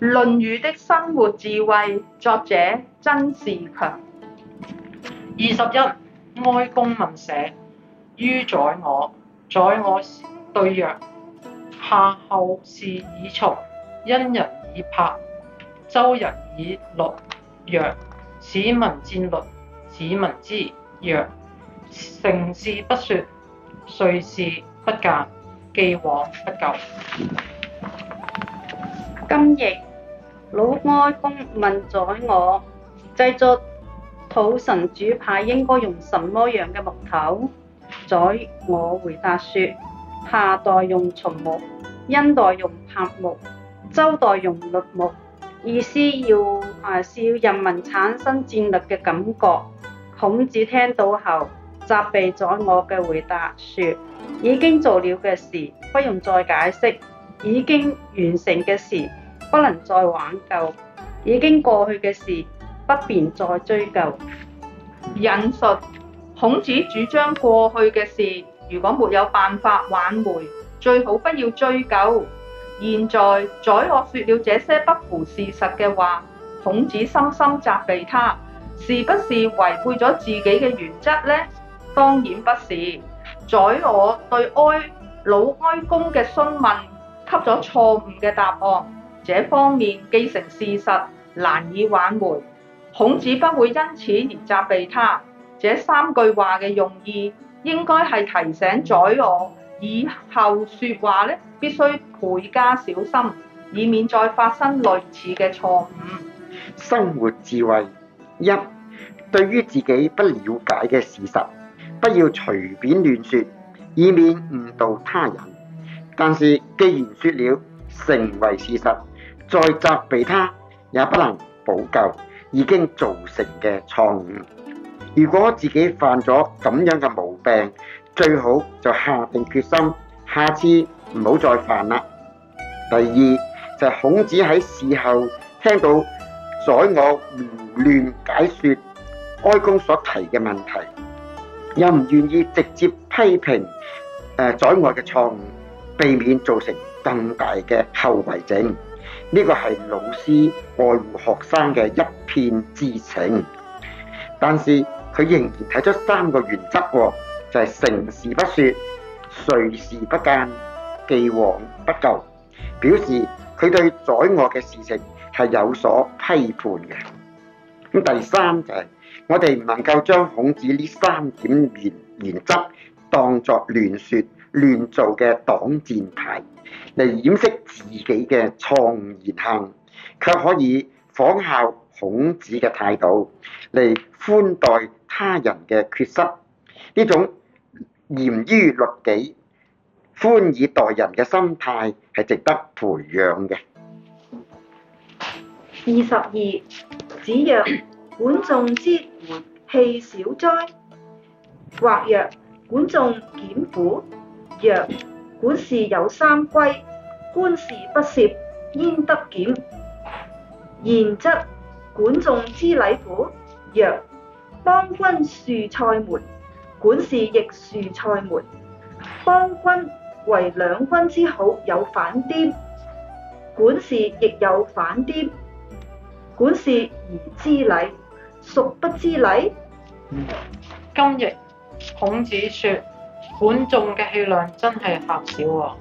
《論語》的生活智慧，作者曾仕強。二十一，哀公問社於宰我，宰我對曰：夏后氏以松，殷人以柏，周人以栗。曰：使民戰栗。使民之曰：成事不說，遂事不諫，既往不咎。今亦。老哀公問宰我：製作土神主牌應該用什麼樣嘅木頭？宰我回答說：夏代用松木，殷代用柏木，周代用栗木。意思要誒是要人民產生戰栗嘅感覺。孔子聽到後，責備宰我嘅回答，説：已經做了嘅事，不用再解釋；已經完成嘅事。不能再挽救，已經過去嘅事，不便再追究。引述孔子主張：過去嘅事，如果沒有辦法挽回，最好不要追究。現在宰我說了這些不符事實嘅話，孔子深深責備他，是不是違背咗自己嘅原則呢？當然不是。宰我對哀公、魯哀公嘅詢問，給咗錯誤嘅答案。這方面既成事實，難以挽回。孔子不會因此而責備他。這三句話嘅用意，應該係提醒宰我以後說話咧，必須倍加小心，以免再發生類似嘅錯誤。生活智慧一，對於自己不了解嘅事實，不要隨便亂說，以免誤導他人。但是既然說了，成為事實。再責備他也不能補救已經造成嘅錯誤。如果自己犯咗咁樣嘅毛病，最好就下定決心，下次唔好再犯啦。第二就係、是、孔子喺事後聽到宰我胡亂解説哀公所提嘅問題，又唔願意直接批評誒宰、呃、我嘅錯誤，避免造成更大嘅後遺症。呢個係老師愛護學生嘅一片至情，但是佢仍然睇出三個原則喎、哦，就係、是、成事不説、遂事不諫、既往不咎，表示佢對宰我嘅事情係有所批判嘅。咁第三就係、是、我哋唔能夠將孔子呢三點原原則當作亂説亂做嘅擋箭牌，嚟掩飾自己嘅錯誤言行，卻可以仿效孔子嘅態度嚟寬待他人嘅缺失。呢種嚴於律己、寬以待人嘅心態係值得培養嘅。二十二，子曰：管仲之器小哉。或曰：管仲儉乎？」曰管氏有三歸，官事不攝，焉得儉？然則管仲之禮乎？曰：邦君樹塞門，管氏亦樹塞門。邦君為兩君之好，有反坫，管氏亦有反坫。管氏而知禮，孰不知禮？今日孔子說。管仲嘅氣量真係狹小喎、啊！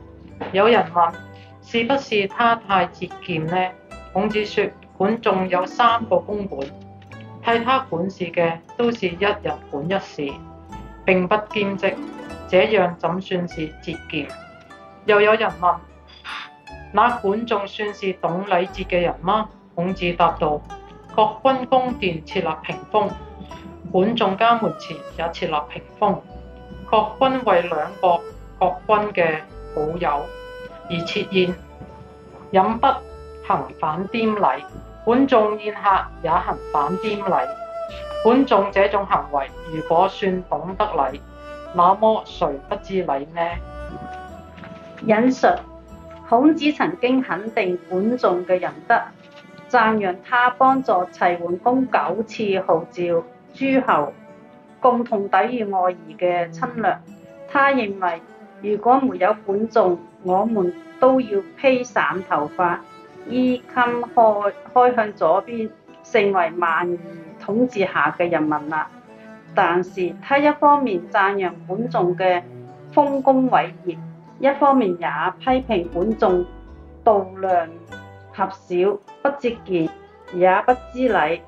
有人問：是不是他太節儉呢？孔子說：管仲有三個公館，替他管事嘅都是一人管一事，並不兼職，這樣怎算是節儉？又有人問：那管仲算是懂禮節嘅人嗎？孔子答道：國君宮殿設立屏風，管仲家門前也設立屏風。國君為兩國國君嘅好友而設宴，飲不行反坫禮，管仲宴客也行反坫禮。管仲這種行為，如果算懂得禮，那麼誰不知禮呢？引述孔子曾經肯定管仲嘅仁德，讚揚他幫助齊桓公九次號召諸侯。共同抵禦外夷嘅侵略。他認為，如果沒有管仲，我們都要披散頭髮，衣襟開開向左邊，成為蠻夷統治下嘅人民啦。但是，他一方面讚揚管仲嘅豐功偉業，一方面也批評管仲度量狹小，不節儉，也不知禮。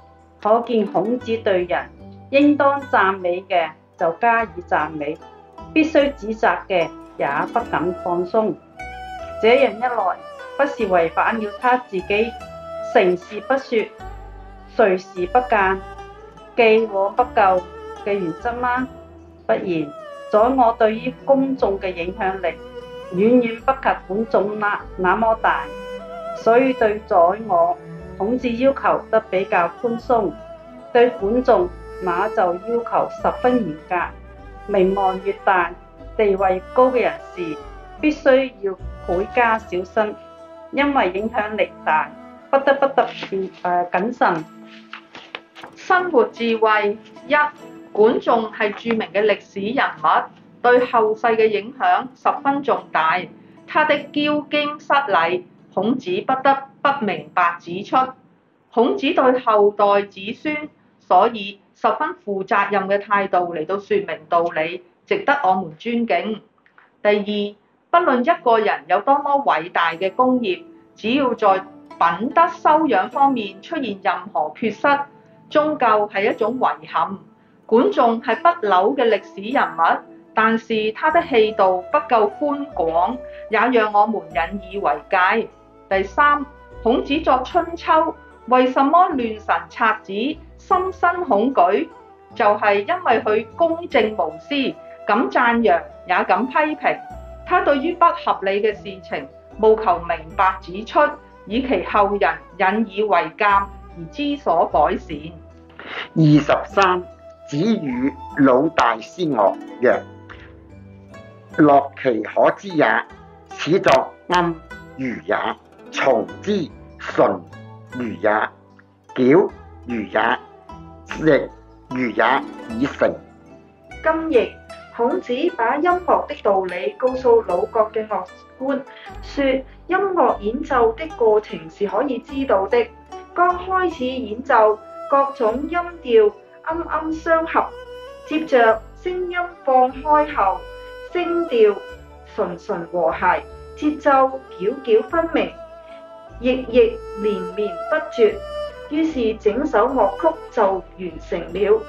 可見孔子對人，應當讚美嘅就加以讚美，必須指責嘅也不敢放鬆。這樣一來，不是違反了他自己成事不説、遂事不諫、既往不咎嘅原則嗎？不然，宰我對於公眾嘅影響力遠遠不及管仲那那麼大，所以對宰我，孔子要求得比較寬鬆，對管仲。那就要求十分嚴格。名望越大、地位高嘅人士，必須要倍加小心，因為影響力大，不得不得特別，呃、謹慎。生活智慧一，管仲係著名嘅歷史人物，對後世嘅影響十分重大。他的驕矜失禮，孔子不得不明白指出。孔子對後代子孫，所以，十分負責任嘅態度嚟到說明道理，值得我們尊敬。第二，不論一個人有多麼偉大嘅功業，只要在品德修養方面出現任何缺失，終究係一種遺憾。管仲係不朽嘅歷史人物，但是他的氣度不夠寬廣，也讓我們引以為戒。第三，孔子作春秋，為什麼亂臣賊子深深恐懼，就係、是、因為佢公正無私，敢讚揚也敢批評。他對於不合理嘅事情，務求明白指出，以期後人引以為鑒而知所改善。二十三，子語老大師樂曰：樂其可知也。始作，安如也；從之，純如也；矯如也。亦如也，以成。今日孔子把音樂的道理告訴魯國嘅樂官，說音樂演奏的過程是可以知道的。剛開始演奏，各種音調啱啱相合；接着聲音放開後，聲調純純和諧，節奏皎皎分明，繹繹連綿不絕。於是整首樂曲就完成了。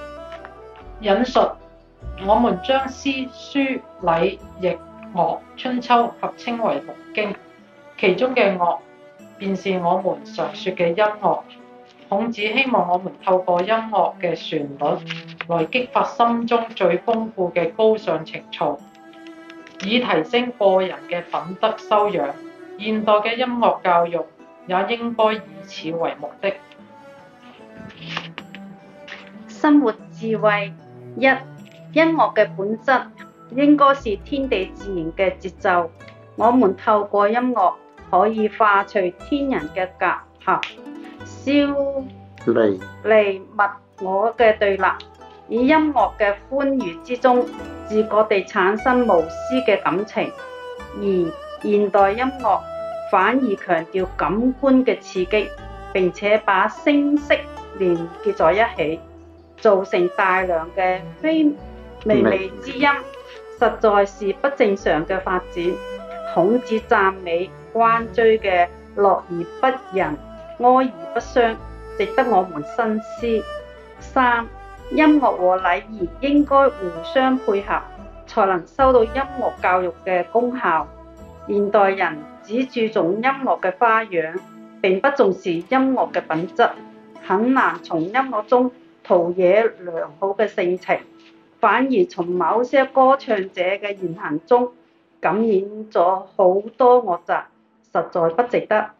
引述：我們將詩、書、禮、易、樂、春秋合稱為六經，其中嘅樂，便是我們常説嘅音樂。孔子希望我們透過音樂嘅旋律，來激發心中最豐富嘅高尚情操，以提升個人嘅品德修養。現代嘅音樂教育也應該以此為目的。生活智慧一：音樂嘅本質應該是天地自然嘅節奏。我們透過音樂可以化除天人嘅隔閡，消離物我嘅對立，以音樂嘅歡愉之中，自覺地產生無私嘅感情。而現代音樂反而強調感官嘅刺激，並且把聲色連結在一起，造成大量嘅非靡靡之音，實在是不正常嘅發展。孔子讚美關雎嘅樂而不淫，哀而不傷，值得我們深思。三、音樂和禮儀應該互相配合，才能收到音樂教育嘅功效。現代人只注重音樂嘅花樣，並不重視音樂嘅品質。很難從音樂中陶冶良好嘅性情，反而從某些歌唱者嘅言行中感染咗好多惡習，實在不值得。